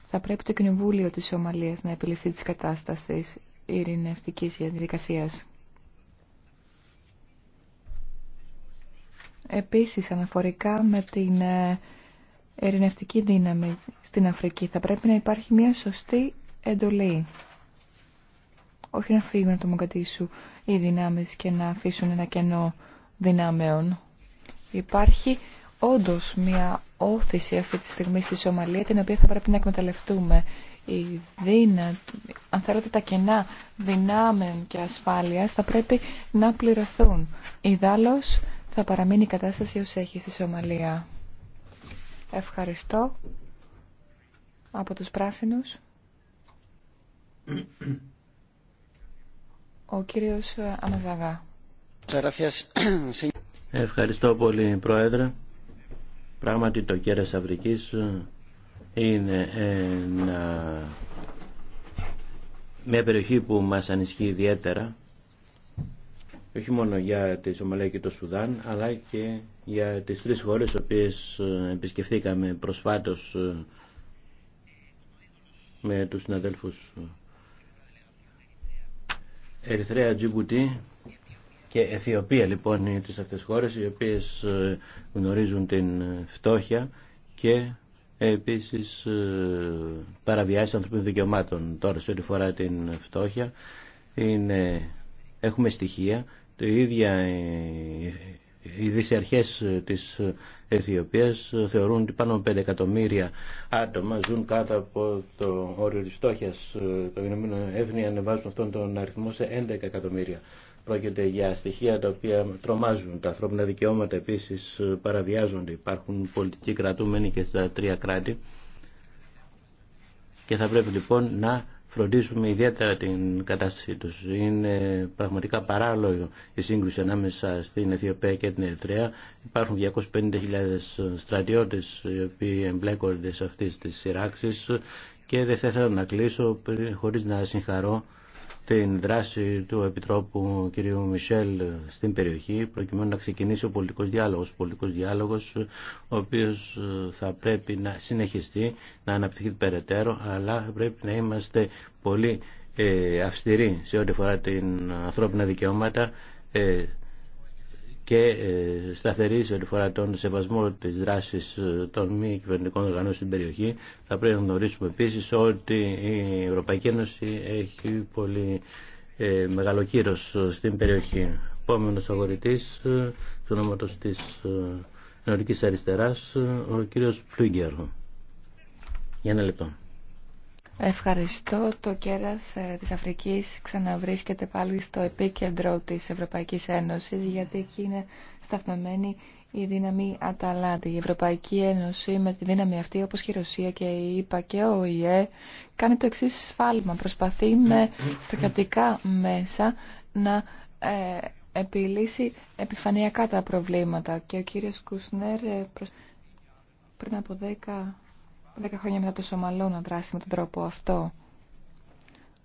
θα πρέπει το Κοινοβούλιο της Σομαλίας να επιληφθεί της κατάστασης ειρηνευτικής διαδικασίας. Επίσης, αναφορικά με την ερηνευτική δύναμη στην Αφρική, θα πρέπει να υπάρχει μια σωστή εντολή. Όχι να φύγουν από το Μογκαντήσου οι δυνάμεις και να αφήσουν ένα κενό δυνάμεων. Υπάρχει όντως μια όθηση αυτή τη στιγμή στη Σομαλία, την οποία θα πρέπει να εκμεταλλευτούμε. Η δύνα, αν θέλετε τα κενά δυνάμεων και ασφάλειας, θα πρέπει να πληρωθούν. Ιδάλλως θα παραμείνει η κατάσταση ως έχει στη Σομαλία. Ευχαριστώ από τους πράσινους. Ο κύριος Αμαζαγά. Ευχαριστώ πολύ Πρόεδρε. Πράγματι το κέρας Αφρικής είναι μια περιοχή που μας ανισχύει ιδιαίτερα όχι μόνο για τη Σομαλία και το Σουδάν, αλλά και για τις τρεις χώρες οποίες ε, επισκεφθήκαμε προσφάτως ε, με τους συναδέλφους ε, Ερυθρέα, Τζιμπουτή και Αιθιοπία λοιπόν είναι τις αυτές χώρες οι οποίες γνωρίζουν την φτώχεια και επίσης παραβιάσεις ανθρωπίνων δικαιωμάτων. Τώρα σε ό,τι φορά την φτώχεια είναι, έχουμε στοιχεία το ίδια οι δυσιαρχές της Αιθιοπίας θεωρούν ότι πάνω από 5 εκατομμύρια άτομα ζουν κάτω από το όριο της φτώχειας. Το Ηνωμένο Έθνη ανεβάζουν αυτόν τον αριθμό σε 11 εκατομμύρια. Πρόκειται για στοιχεία τα οποία τρομάζουν. Τα ανθρώπινα δικαιώματα επίσης παραβιάζονται. Υπάρχουν πολιτικοί κρατούμενοι και στα τρία κράτη. Και θα πρέπει λοιπόν να φροντίζουμε ιδιαίτερα την κατάστασή τους. Είναι πραγματικά παράλογο η σύγκρουση ανάμεσα στην Αιθιοπία και την Ερυθρέα. Υπάρχουν 250.000 στρατιώτες οι οποίοι εμπλέκονται σε αυτές τις σειράξεις και δεν θα ήθελα να κλείσω χωρίς να συγχαρώ την δράση του Επιτρόπου κ. Μισελ στην περιοχή προκειμένου να ξεκινήσει ο πολιτικός διάλογος. Ο πολιτικός διάλογος ο οποίος ε, θα πρέπει να συνεχιστεί, να αναπτυχθεί περαιτέρω, αλλά πρέπει να είμαστε πολύ ε, αυστηροί σε ό,τι αφορά την ανθρώπινα δικαιώματα, ε, και ε, σταθερή σε ό,τι φορά τον σεβασμό τη δράση ε, των μη κυβερνητικών οργανώσεων στην περιοχή. Θα πρέπει να γνωρίσουμε επίση ότι η Ευρωπαϊκή Ένωση έχει πολύ ε, μεγάλο κύρο στην περιοχή. Επόμενο αγορητή του ονόματο τη Ενωρική Αριστερά, ο κύριος Πλούγκερ. Για ένα λεπτό. Ευχαριστώ. Το κέρας ε, της Αφρικής ξαναβρίσκεται πάλι στο επίκεντρο της Ευρωπαϊκής Ένωσης γιατί εκεί είναι σταθμεμένη η δύναμη Αταλάντη. Η Ευρωπαϊκή Ένωση με τη δύναμη αυτή όπως και η Ρωσία και η ΕΠΑ και ο ΙΕ κάνει το εξής σφάλμα. Προσπαθεί με στρατιωτικά μέσα να ε, επιλύσει επιφανειακά τα προβλήματα. Και ο κύριος Κουσνέρ ε, πριν από δέκα δέκα χρόνια μετά το Σομαλό να δράσει με τον τρόπο αυτό.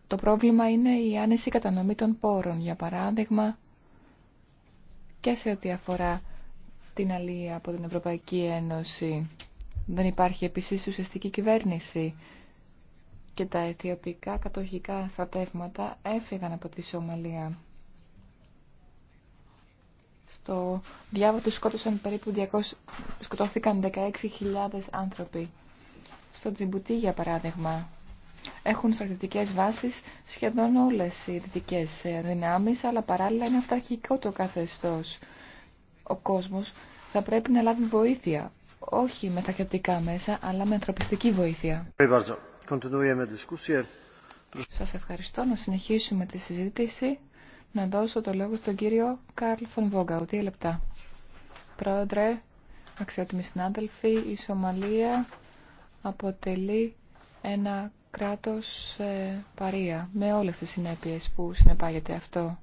Το πρόβλημα είναι η άνεση κατανομή των πόρων, για παράδειγμα, και σε ό,τι αφορά την αλία από την Ευρωπαϊκή Ένωση. Δεν υπάρχει επίσης ουσιαστική κυβέρνηση και τα αιθιοπικά κατοχικά στρατεύματα έφυγαν από τη Σομαλία. Στο διάβο του σκότωσαν περίπου 200, σκοτώθηκαν 16.000 άνθρωποι. Στο Τζιμπουτί, για παράδειγμα, έχουν στρατιωτικές βάσεις σχεδόν όλες οι δυτικές ε, δυνάμεις, αλλά παράλληλα είναι αυταρχικό το καθεστώς. Ο κόσμος θα πρέπει να λάβει βοήθεια, όχι με τα μέσα, αλλά με ανθρωπιστική βοήθεια. Σας ευχαριστώ. Να συνεχίσουμε τη συζήτηση. Να δώσω το λόγο στον κύριο Κάρλ Φον Δύο λεπτά. Πρόεδρε, αξιότιμοι συνάδελφοι, η Σομαλία αποτελεί ένα κράτος ε, παρία με όλες τις συνέπειες που συνεπάγεται αυτό.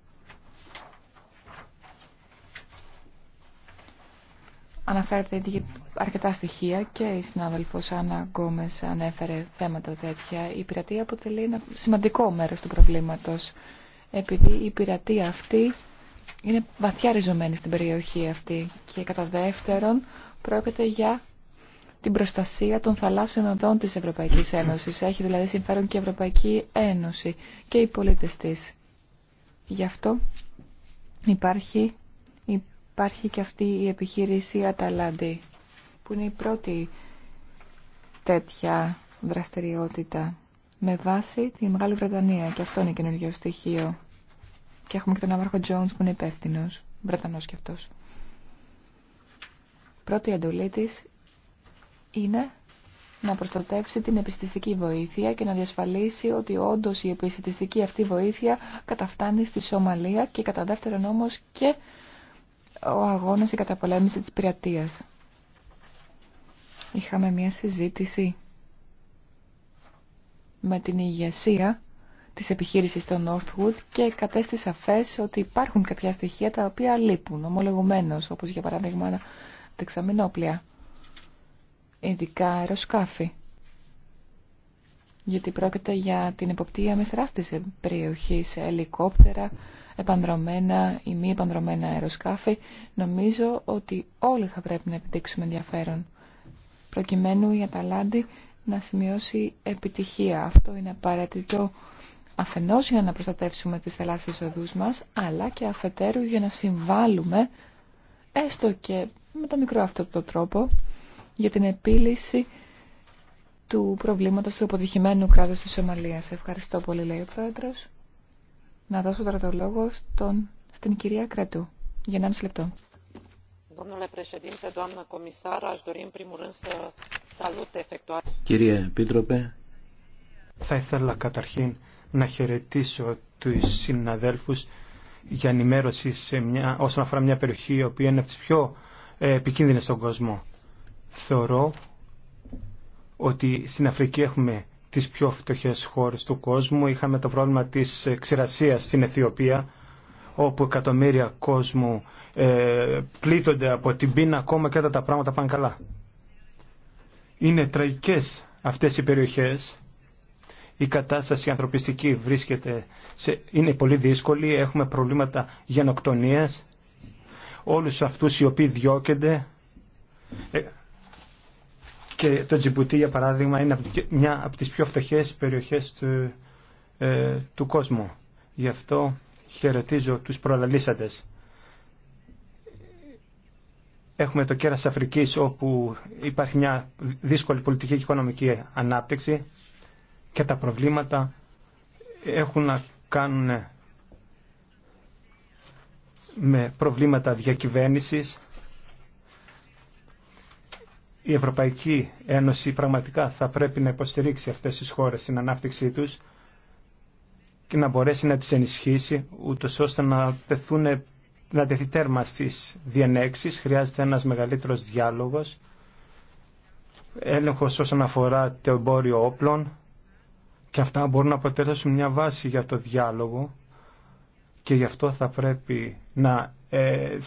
Αναφέρεται αρκετά στοιχεία και η συνάδελφος Άννα Γκόμες ανέφερε θέματα τέτοια. Η πειρατεία αποτελεί ένα σημαντικό μέρος του προβλήματος, επειδή η πειρατεία αυτή είναι βαθιά ριζωμένη στην περιοχή αυτή και κατά δεύτερον πρόκειται για την προστασία των θαλάσσιων οδών της Ευρωπαϊκής Ένωσης. Έχει δηλαδή συμφέρον και η Ευρωπαϊκή Ένωση και οι πολίτες της. Γι' αυτό υπάρχει, υπάρχει και αυτή η επιχείρηση Αταλάντη, που είναι η πρώτη τέτοια δραστηριότητα με βάση τη Μεγάλη Βρετανία και αυτό είναι καινούργιο στοιχείο. Και έχουμε και τον Άμαρχο Τζόνς που είναι υπεύθυνο, Βρετανός κι αυτός. Πρώτη εντολή της είναι να προστατεύσει την επιστηστική βοήθεια και να διασφαλίσει ότι όντω η επιστηστική αυτή βοήθεια καταφτάνει στη Σομαλία και κατά δεύτερον όμως και ο αγώνας η καταπολέμηση της πειρατείας. Είχαμε μια συζήτηση με την ηγεσία της επιχείρησης των Northwood και κατέστη σαφές ότι υπάρχουν κάποια στοιχεία τα οποία λείπουν ομολογουμένως, όπως για παράδειγμα ειδικά αεροσκάφη. Γιατί πρόκειται για την εποπτεία με περιοχή σε Νομίζω ότι όλοι θα πρέπει να επιδείξουμε ενδιαφέρον. Προκειμένου η Αταλάντη να επιτυξουμε ενδιαφερον επιτυχία. Αυτό είναι απαραίτητο αφενός για να προστατεύσουμε τις θελάσσιες οδούς μας, αλλά και αφετέρου για να συμβάλλουμε, έστω και με το μικρό αυτό το τρόπο, για την επίλυση του προβλήματος του αποτυχημένου κράτους της Σομαλίας. Ευχαριστώ πολύ, λέει ο Πρόεδρος. Να δώσω τώρα το λόγο στον, στην κυρία Κρατού για 1,5 λεπτό. Κύριε Επίτροπε, θα ήθελα καταρχήν να χαιρετήσω τους συναδέλφους για ενημέρωση σε μια, όσον αφορά μια περιοχή η οποία είναι από τις πιο ε, επικίνδυνες στον κόσμο. Θεωρώ ότι στην Αφρική έχουμε τις πιο φτωχές χώρες του κόσμου. Είχαμε το πρόβλημα της ξηρασίας στην Αιθιοπία, όπου εκατομμύρια κόσμου ε, πλήττονται από την πείνα ακόμα και όταν τα πράγματα πάνε καλά. Είναι τραγικές αυτές οι περιοχές. Η κατάσταση ανθρωπιστική βρίσκεται είναι πολύ δύσκολη. Έχουμε προβλήματα γενοκτονίας. Όλους αυτούς οι οποίοι διώκονται... Ε, το Τζιμπουτί, για παράδειγμα, είναι μια από τις πιο φτωχές περιοχές του, ε, του κόσμου. Γι' αυτό χαιρετίζω τους προλαλήσαντες. Έχουμε το κέρας Αφρικής όπου υπάρχει μια δύσκολη πολιτική και οικονομική ανάπτυξη και τα προβλήματα έχουν να κάνουν με προβλήματα διακυβέρνησης η Ευρωπαϊκή Ένωση πραγματικά θα πρέπει να υποστηρίξει αυτές τις χώρες στην ανάπτυξή τους και να μπορέσει να τις ενισχύσει ούτως ώστε να, τεθούν, να τεθεί τέρμα στις διενέξεις. Χρειάζεται ένας μεγαλύτερος διάλογος, έλεγχος όσον αφορά το εμπόριο όπλων και αυτά μπορούν να αποτελέσουν μια βάση για το διάλογο και γι' αυτό θα πρέπει να ε,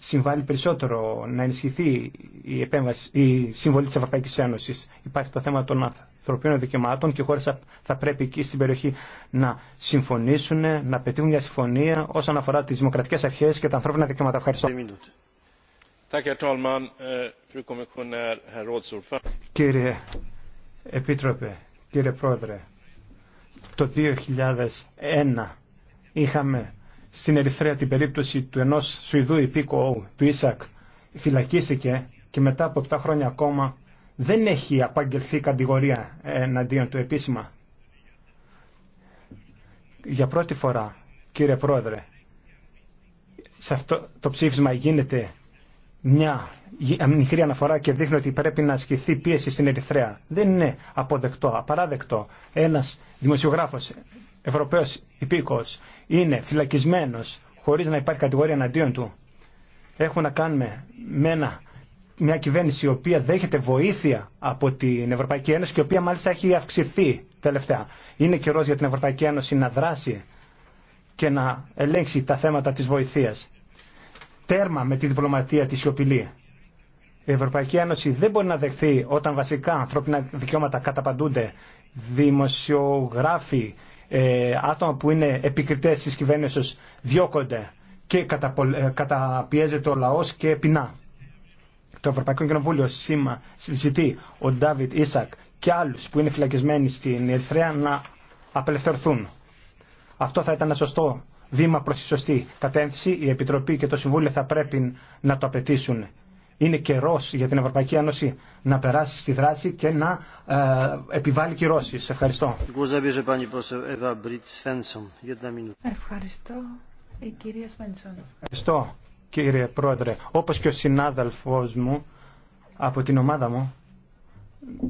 συμβάλλει περισσότερο να ενισχυθεί η, επέμβαση, η συμβολή της Ευρωπαϊκής Ένωσης. Υπάρχει το θέμα των ανθρωπίνων δικαιωμάτων και οι χώρες θα πρέπει εκεί στην περιοχή να συμφωνήσουν, να πετύχουν μια συμφωνία όσον αφορά τις δημοκρατικές αρχές και τα ανθρώπινα δικαιώματα. Ευχαριστώ. Ε, κύριε Επίτροπε, κύριε Πρόεδρε, το 2001 είχαμε στην Ερυθρέα την περίπτωση του ενός Σουηδού υπήκοου, του Ίσακ, φυλακίστηκε και μετά από 7 χρόνια ακόμα δεν έχει απαγγελθεί κατηγορία εναντίον του επίσημα. Για πρώτη φορά, κύριε Πρόεδρε, σε αυτό το ψήφισμα γίνεται μια μικρή αναφορά και δείχνει ότι πρέπει να ασκηθεί πίεση στην Ερυθρέα. Δεν είναι αποδεκτό, απαράδεκτο ένας δημοσιογράφος Ευρωπαίο υπήκο είναι φυλακισμένο, χωρί να υπάρχει κατηγορία εναντίον του. Έχουμε να κάνουμε με μια κυβέρνηση η οποία δέχεται βοήθεια από την Ευρωπαϊκή Ένωση και η οποία μάλιστα έχει αυξηθεί τελευταία. Είναι καιρό για την Ευρωπαϊκή Ένωση να δράσει και να ελέγξει τα θέματα τη βοήθεια. Τέρμα με τη διπλωματία τη σιωπηλή. Η Ευρωπαϊκή Ένωση δεν μπορεί να δεχθεί όταν βασικά ανθρώπινα δικαιώματα καταπαντούνται. Δημοσιογράφοι, ε, άτομα που είναι επικριτές της κυβέρνησης διώκονται και ε, καταπιέζεται ο λαός και πεινά. Το Ευρωπαϊκό Κοινοβούλιο σήμα συζητεί ο Ντάβιτ Ίσακ και άλλους που είναι φυλακισμένοι στην Ερυθρέα να απελευθερωθούν. Αυτό θα ήταν ένα σωστό βήμα προς τη σωστή κατεύθυνση. Η Επιτροπή και το Συμβούλιο θα πρέπει να το απαιτήσουν είναι καιρό για την Ευρωπαϊκή Ένωση να περάσει στη δράση και να ε, επιβάλλει κυρώσει. Ευχαριστώ. Ευχαριστώ. Ευχαριστώ κύριε Πρόεδρε. Όπω και ο συνάδελφο μου από την ομάδα μου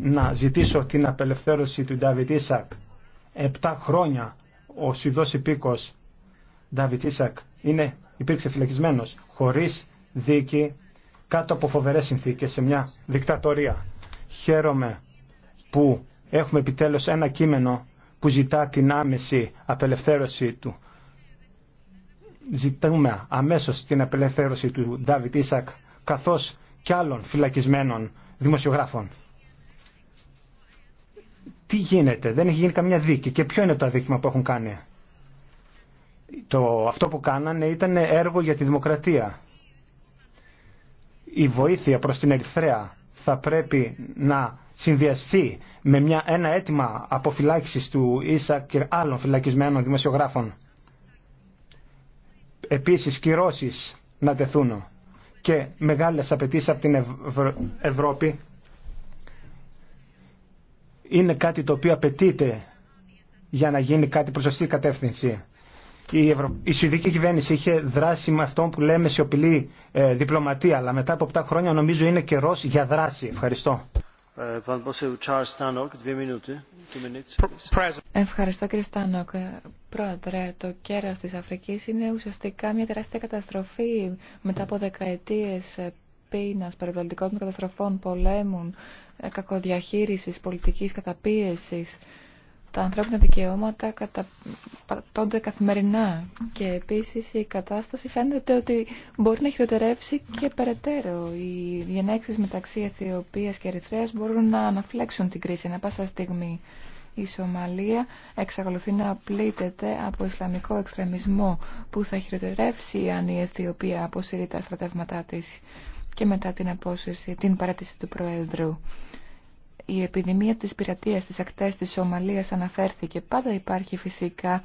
να ζητήσω την απελευθέρωση του Ντάβιτ Ίσακ. Επτά χρόνια ο Σιδός υπήκο Ντάβιτ Ίσακ είναι, υπήρξε φυλακισμένο χωρί δίκη κάτω από φοβερές συνθήκες σε μια δικτατορία. Χαίρομαι που έχουμε επιτέλους ένα κείμενο που ζητά την άμεση απελευθέρωση του. Ζητούμε αμέσως την απελευθέρωση του Ντάβιτ Ίσακ καθώς και άλλων φυλακισμένων δημοσιογράφων. Τι γίνεται, δεν έχει γίνει καμία δίκη και ποιο είναι το αδίκημα που έχουν κάνει. Το, αυτό που κάνανε ήταν έργο για τη δημοκρατία η βοήθεια προς την Ερυθρέα θα πρέπει να συνδυαστεί με μια, ένα αίτημα αποφυλάξης του Ίσα και άλλων φυλακισμένων δημοσιογράφων. Επίσης κυρώσεις να τεθούν και μεγάλες απαιτήσει από την Ευρώπη είναι κάτι το οποίο απαιτείται για να γίνει κάτι προς την κατεύθυνση η, Ευρω... η Σουηδική κυβέρνηση είχε δράσει με αυτό που λέμε σιωπηλή ε, διπλωματία, αλλά μετά από 7 χρόνια νομίζω είναι καιρό για δράση. Ευχαριστώ. Ε, Ευχαριστώ κύριε Στάνοκ. Ε, πρόεδρε, το κέρα τη Αφρική είναι ουσιαστικά μια τεράστια καταστροφή μετά από δεκαετίε ε, πείνα, περιβαλλοντικών καταστροφών, πολέμων, κακοδιαχείριση, πολιτική καταπίεση τα ανθρώπινα δικαιώματα καταπατώνται καθημερινά και επίσης η κατάσταση φαίνεται ότι μπορεί να χειροτερεύσει και περαιτέρω. Οι διενέξεις μεταξύ Αιθιοπίας και Ερυθρέας μπορούν να αναφλέξουν την κρίση να πάσα στιγμή. Η Σομαλία εξακολουθεί να πλήττεται από Ισλαμικό εξτρεμισμό που θα χειροτερεύσει αν η Αιθιοπία αποσύρει τα στρατεύματά της και μετά την απόσυρση, την παράτηση του Προέδρου η επιδημία της πειρατείας στις ακτές της Σομαλίας αναφέρθηκε. Πάντα υπάρχει φυσικά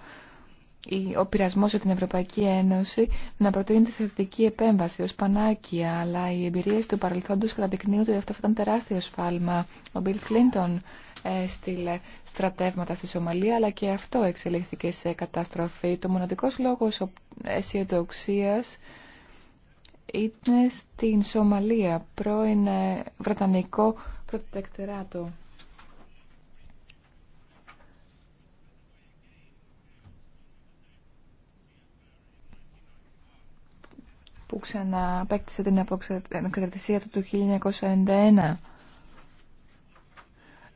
ο πειρασμός για την Ευρωπαϊκή Ένωση να προτείνει τη θετική επέμβαση ως πανάκια, αλλά οι εμπειρίες του παρελθόντος καταδεικνύουν ότι αυτό ήταν τεράστιο σφάλμα. Ο Μπιλ Κλίντον έστειλε στρατεύματα στη Σομαλία, αλλά και αυτό εξελίχθηκε σε καταστροφή. Το μοναδικός λόγος αισιοδοξία είναι στην Σομαλία, πρώην ε, Βρετανικό protektorato. που ξαναπέκτησε την εξαρτησία του 1991.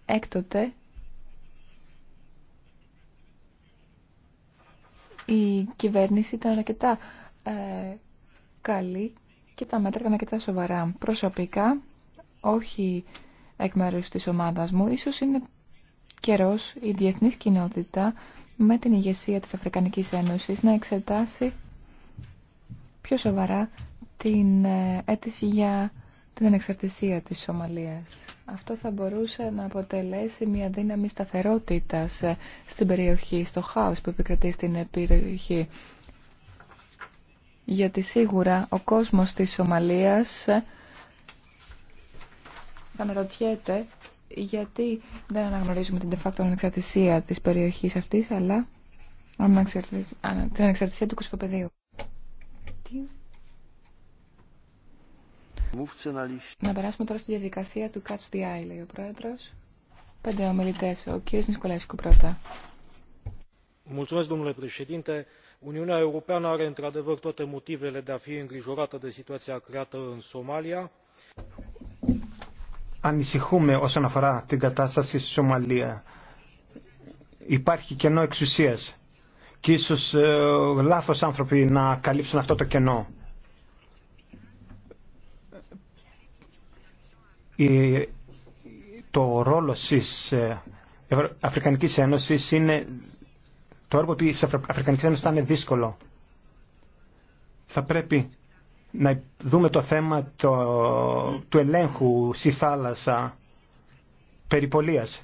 Έκτοτε η κυβέρνηση ήταν αρκετά ε, καλή και τα μέτρα ήταν αρκετά σοβαρά. Προσωπικά, όχι εκ μέρου της ομάδας μου. Ίσως είναι καιρός η διεθνής κοινότητα με την ηγεσία της Αφρικανικής Ένωσης να εξετάσει πιο σοβαρά την ε, αίτηση για την ανεξαρτησία της Σομαλίας. Αυτό θα μπορούσε να αποτελέσει μια δύναμη σταθερότητας ε, στην περιοχή, στο χάος που επικρατεί στην περιοχή. Γιατί σίγουρα ο κόσμος της Σομαλίας ε, θα αναρωτιέται γιατί δεν αναγνωρίζουμε την de facto ανεξαρτησία τη περιοχή αυτή, αλλά την ανεξαρτησία του κοσφοπεδίου. Να περάσουμε τώρα στη διαδικασία του Catch the Eye, λέει ο πρόεδρο. Πέντε ομιλητέ, ο κ. Νικολαύσκου πρώτα. Mulțumesc, domnule președinte. Uniunea Europeană are într-adevăr toate motivele de a fi îngrijorată de situația creată în Somalia ανησυχούμε όσον αφορά την κατάσταση στη Σομαλία. Υπάρχει κενό εξουσίας και ίσως ε, λάθος άνθρωποι να καλύψουν αυτό το κενό. το ρόλο της ε, Αφρικανικής Ένωσης είναι το έργο της Αφρικανικής Ένωσης θα είναι δύσκολο. Θα πρέπει να δούμε το θέμα το, του ελέγχου στη θάλασσα περιπολίας.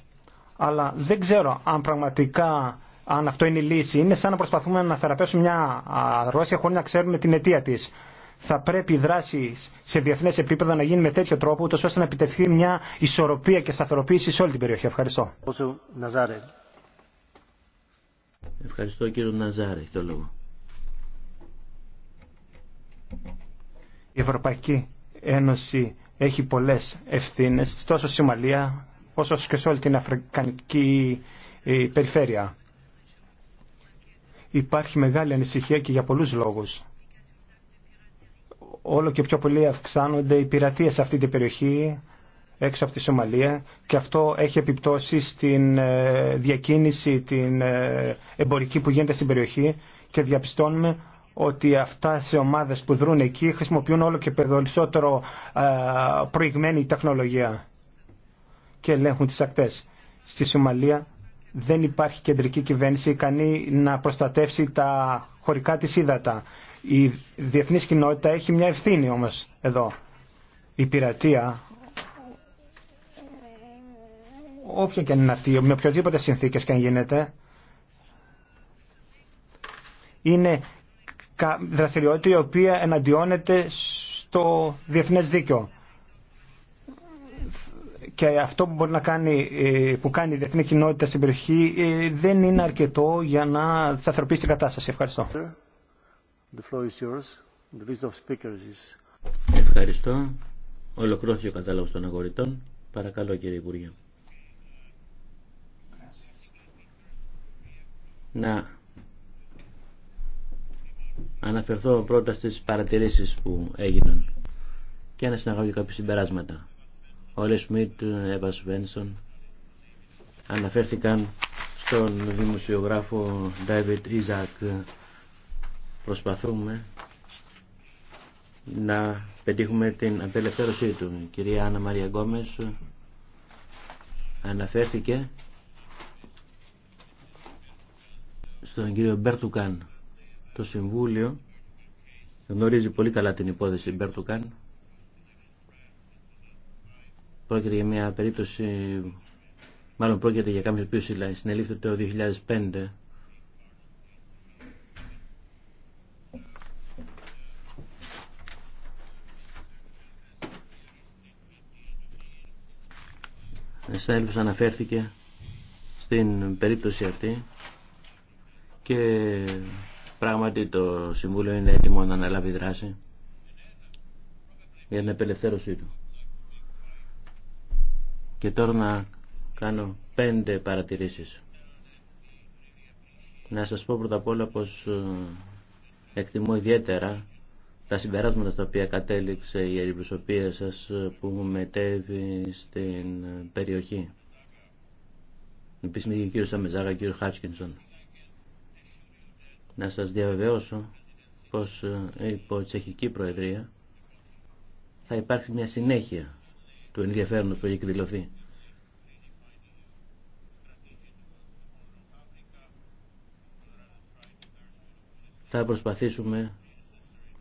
Αλλά δεν ξέρω αν πραγματικά αν αυτό είναι η λύση. Είναι σαν να προσπαθούμε να θεραπεύσουμε μια αρρώστια χωρίς να ξέρουμε την αιτία της. Θα πρέπει η δράση σε διεθνέ επίπεδο να γίνει με τέτοιο τρόπο, ώστε να επιτευχθεί μια ισορροπία και σταθεροποίηση σε όλη την περιοχή. Ευχαριστώ. Ευχαριστώ κύριο Το λόγο. Η Ευρωπαϊκή Ένωση έχει πολλές ευθύνες τόσο στη Σομαλία όσο και σε όλη την Αφρικανική ε, περιφέρεια. Υπάρχει μεγάλη ανησυχία και για πολλούς λόγους. Όλο και πιο πολύ αυξάνονται οι πειρατείες σε αυτή την περιοχή έξω από τη Σομαλία και αυτό έχει επιπτώσει στην ε, διακίνηση, την ε, εμπορική που γίνεται στην περιοχή και διαπιστώνουμε ότι αυτά σε ομάδες που δρούν εκεί χρησιμοποιούν όλο και περισσότερο ε, προηγμένη τεχνολογία και ελέγχουν τις ακτές. Στη Σομαλία δεν υπάρχει κεντρική κυβέρνηση ικανή να προστατεύσει τα χωρικά της ύδατα. Η διεθνής κοινότητα έχει μια ευθύνη όμως εδώ. Η πειρατεία, όποια και αν είναι αυτή, με οποιοδήποτε συνθήκες και αν γίνεται, είναι δραστηριότητα η οποία εναντιώνεται στο διεθνές δίκαιο. Και αυτό που, μπορεί να κάνει, ε, που κάνει η διεθνή κοινότητα στην περιοχή ε, δεν είναι αρκετό για να ανθρωπίσει την κατάσταση. Ευχαριστώ. Ευχαριστώ. Ολοκλώθηκε ο κατάλογος των αγορητών. Παρακαλώ κύριε Υπουργέ. Να αναφερθώ πρώτα στις παρατηρήσεις που έγιναν και να συναγάγω κάποια συμπεράσματα. Ο Λε Σμιτ, Εύα Σβένσον αναφέρθηκαν στον δημοσιογράφο David Ιζακ. Προσπαθούμε να πετύχουμε την απελευθέρωσή του. Η κυρία Άννα Μαρία Γκόμες αναφέρθηκε στον κύριο Μπέρτουκαν το Συμβούλιο γνωρίζει πολύ καλά την υπόθεση Μπερτουκάν. Πρόκειται για μια περίπτωση, μάλλον πρόκειται για κάποιον που συνελήφθη το 2005 συνάδελφος αναφέρθηκε στην περίπτωση αυτή και Πράγματι το Συμβούλιο είναι έτοιμο να αναλάβει δράση για την απελευθέρωσή του. Και τώρα να κάνω πέντε παρατηρήσεις. Να σας πω πρώτα απ' όλα πως ε, εκτιμώ ιδιαίτερα τα συμπεράσματα στα οποία κατέληξε η αντιπροσωπεία σας ε, που μετέβη στην ε, περιοχή. Επίσης με ο κύριο και ο κύριο Χάτσκινσον να σας διαβεβαιώσω πως ε, υπό τσεχική προεδρία θα υπάρξει μια συνέχεια του ενδιαφέροντος που έχει εκδηλωθεί. Θα προσπαθήσουμε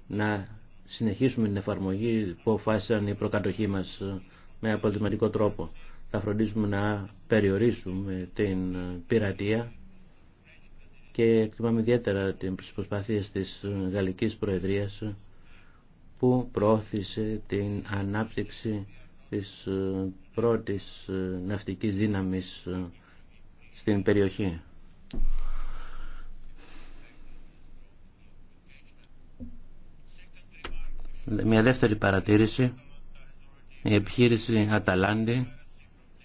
να συνεχίσουμε την εφαρμογή που αποφάσισαν οι προκατοχοί μας ε, με αποτελεσματικό τρόπο. Θα φροντίσουμε να περιορίσουμε την ε, πειρατεία και εκτιμάμε ιδιαίτερα τις προσπάθειες της Γαλλικής Προεδρίας που προώθησε την ανάπτυξη της ε, πρώτης ε, ναυτικής δύναμης ε, στην περιοχή. Μια δεύτερη παρατήρηση. Η επιχείρηση Αταλάντη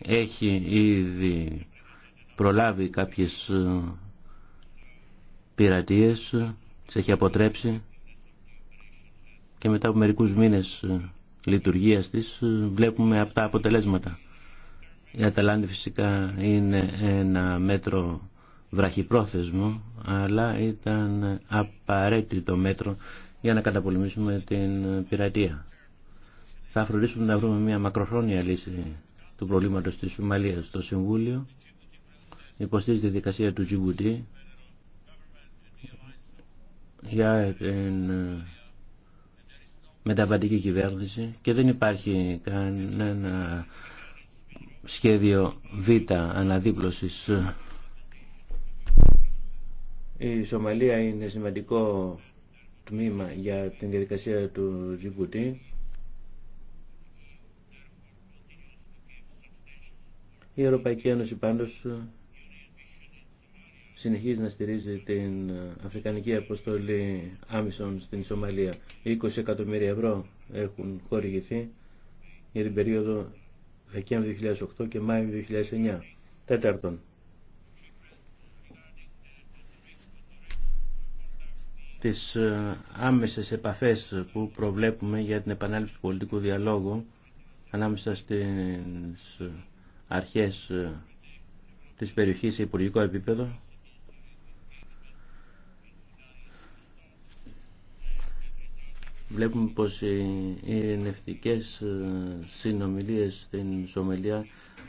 έχει ήδη προλάβει κάποιες πειρατείες, τις έχει αποτρέψει και μετά από μερικούς μήνες λειτουργίας της βλέπουμε αυτά αποτελέσματα. Η Αταλάντη φυσικά είναι ένα μέτρο βραχυπρόθεσμο, αλλά ήταν απαραίτητο μέτρο για να καταπολεμήσουμε την πειρατεία. Θα φροντίσουμε να βρούμε μια μακροχρόνια λύση του προβλήματος της Σουμαλίας στο Συμβούλιο, υποστήριζε τη δικασία του Τζιμπουτή για την ε, μεταβατική κυβέρνηση και δεν υπάρχει κανένα σχέδιο Β αναδίπλωσης. Η Σομαλία είναι σημαντικό τμήμα για την διαδικασία του Τζιμπουτή. Η Ευρωπαϊκή Ένωση πάντως συνεχίζει να στηρίζει την Αφρικανική Αποστολή Άμισον στην Σομαλία. 20 εκατομμύρια ευρώ έχουν χορηγηθεί για την περίοδο Δεκέμβρη 2008 και Μάη 2009. Τέταρτον, τις ε, άμεσες επαφές που προβλέπουμε για την επανάληψη του πολιτικού διαλόγου ανάμεσα στις αρχές ε, της περιοχής σε υπουργικό επίπεδο βλέπουμε πως οι ειρηνευτικές ε, συνομιλίες στην Σομελία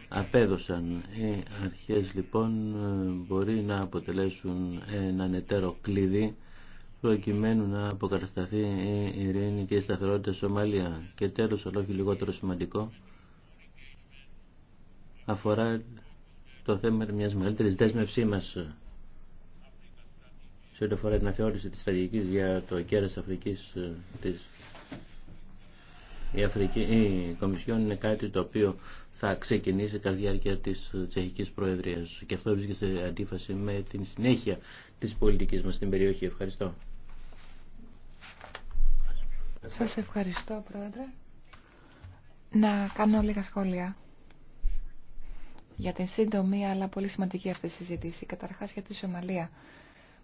απέδωσαν. Οι αρχές λοιπόν ε, μπορεί να αποτελέσουν έναν εταίρο κλειδί προκειμένου να αποκατασταθεί η ειρήνη και η σταθερότητα στη Σομαλία. Και τέλος, αλλά όχι λιγότερο σημαντικό, αφορά το θέμα μιας μεγαλύτερης δέσμευσή μας σε ό,τι αφορά την αθεώρηση της στρατηγικής για το κέρας Αφρικής ε, της η, Αφρική, η Κομισιόν είναι κάτι το οποίο θα ξεκινήσει κατά τη διάρκεια της Τσεχικής Προεδρίας και αυτό βρίσκεται σε αντίφαση με την συνέχεια της πολιτικής μας στην περιοχή. Ευχαριστώ. Σας ευχαριστώ Πρόεδρε. Να κάνω λίγα σχόλια για την σύντομη αλλά πολύ σημαντική αυτή συζήτηση. Καταρχάς για τη Σομαλία.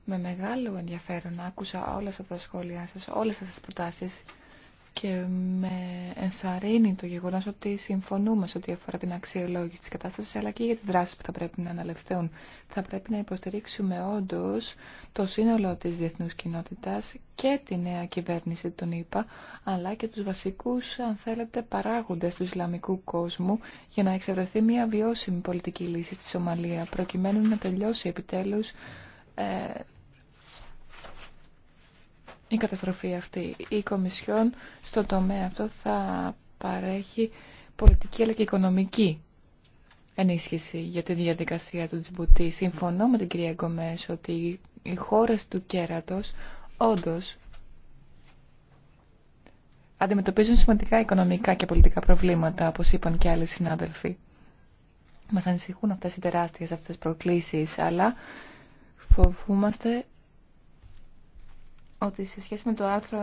Με μεγάλο ενδιαφέρον άκουσα όλα αυτά τα σχόλιά σας, όλες αυτές τις προτάσεις και με ενθαρρύνει το γεγονός ότι συμφωνούμε σε ό,τι αφορά την αξιολόγηση της κατάστασης αλλά και για τις δράσεις που θα πρέπει να αναλευθούν. Θα πρέπει να υποστηρίξουμε όντω το σύνολο της διεθνούς κοινότητας και τη νέα κυβέρνηση των ΗΠΑ αλλά και τους βασικούς, αν θέλετε, παράγοντες του Ισλαμικού κόσμου για να εξευρεθεί μια βιώσιμη πολιτική λύση στη Σομαλία προκειμένου να τελειώσει επιτέλους ε, η καταστροφή αυτή. Η Κομισιόν στο τομέα αυτό θα παρέχει πολιτική αλλά και οικονομική ενίσχυση για τη διαδικασία του Τζιμπουτή. Συμφωνώ με την κυρία Γκομές ότι οι χώρες του κέρατος όντως αντιμετωπίζουν σημαντικά οικονομικά και πολιτικά προβλήματα, όπως είπαν και άλλοι συνάδελφοι. Μας ανησυχούν αυτές οι τεράστιες αυτές προκλήσεις, αλλά φοβούμαστε ότι σε σχέση με το άρθρο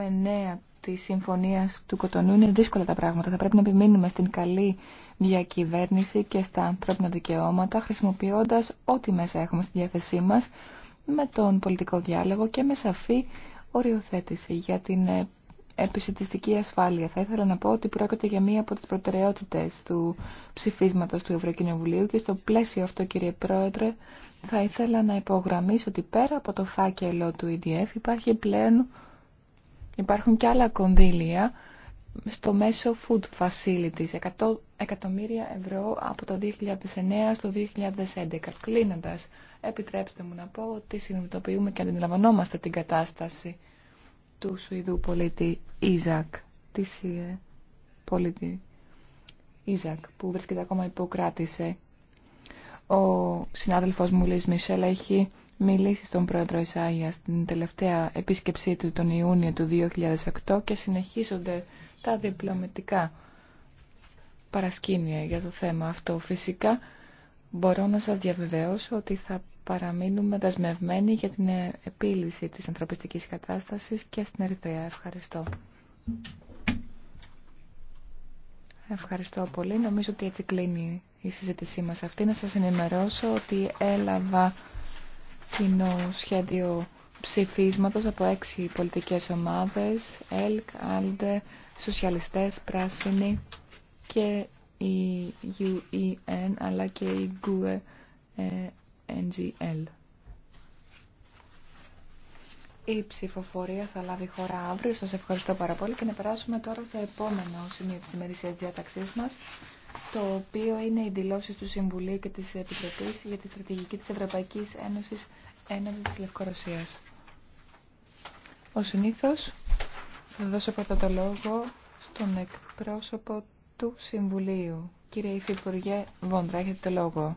9 της Συμφωνίας του Κοτονού είναι δύσκολα τα πράγματα. Θα πρέπει να επιμείνουμε στην καλή διακυβέρνηση και στα ανθρώπινα δικαιώματα, χρησιμοποιώντας ό,τι μέσα έχουμε στη διάθεσή μας, με τον πολιτικό διάλογο και με σαφή οριοθέτηση για την ε, επισητιστική ασφάλεια. Θα ήθελα να πω ότι πρόκειται για μία από τις προτεραιότητες του ψηφίσματος του Ευρωκοινοβουλίου και στο πλαίσιο αυτό, κύριε Πρόεδρε, θα ήθελα να υπογραμμίσω ότι πέρα από το φάκελο του EDF υπάρχει πλέον, υπάρχουν και άλλα κονδύλια στο μέσο Food Facilities, 100 εκατομμύρια ευρώ από το 2009 στο 2011. Κλείνοντας, επιτρέψτε μου να πω ότι συνειδητοποιούμε και αντιλαμβανόμαστε την κατάσταση του Σουηδού πολίτη Ιζακ, της ε, πολίτη Ιζακ, που βρίσκεται ακόμα υποκράτησε ο συνάδελφος μου Λίς Μισελ έχει μιλήσει στον πρόεδρο Ισάγια στην τελευταία επίσκεψή του τον Ιούνιο του 2008 και συνεχίζονται τα διπλωματικά παρασκήνια για το θέμα αυτό. Φυσικά μπορώ να σας διαβεβαιώσω ότι θα παραμείνουμε δεσμευμένοι για την επίλυση της ανθρωπιστικής κατάστασης και στην Ερυθρέα. Ευχαριστώ. Ευχαριστώ πολύ. Νομίζω ότι έτσι κλείνει η συζήτησή μας αυτή. Να σας ενημερώσω ότι έλαβα κοινό σχέδιο ψηφίσματος από έξι πολιτικές ομάδες, ΕΛΚ, ΑΛΔΕ, Σοσιαλιστές, Πράσινοι και η UEN αλλά και η GUE NGL. Ε, ε, η ψηφοφορία θα λάβει χώρα αύριο. Σας ευχαριστώ πάρα πολύ και να περάσουμε τώρα στο επόμενο σημείο της ημερησίας διάταξής μας, το οποίο είναι οι δηλώσεις του Συμβουλίου και της Επιτροπής για τη στρατηγική της Ευρωπαϊκής Ένωσης έναντι της Λευκορωσίας. Ο συνήθως θα δώσω πρώτα το λόγο στον εκπρόσωπο του Συμβουλίου. Κύριε Υφυπουργέ Βόντρα, έχετε το λόγο.